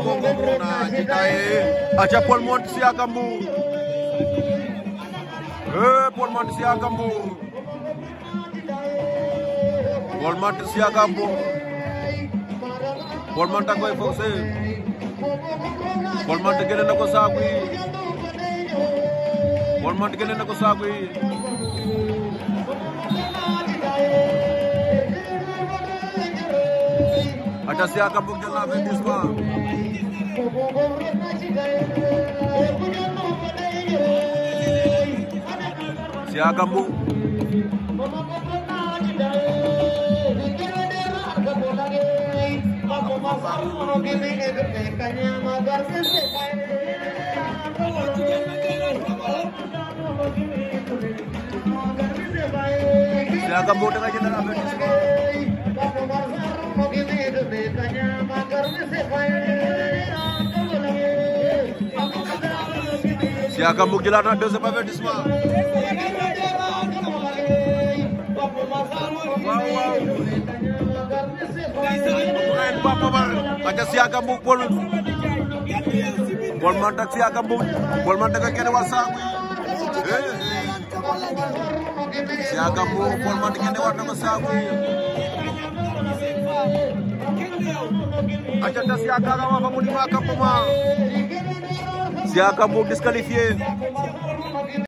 aca Paul Monte Siaka Mbour e Paul Monte Siaka Mbour Paul Monte Siaka Mbour Paul Monte a koy forcé Paul Monte génne na ko saaku yi Badasnya akan mungkin lah Bendisma. Siagamu. dengan jenderal Siaka mu jëlaat na deuxième avertissement waaw waaw Papa Bal aca Siaka Mbour Paul Paul man tak Siaka Mbour Paul man daga kene war saaku yi Siaka Mbour Paul man kene war daga saaku yi aca ta Siaka ga wa fa mu di Siaka pour disqualifié.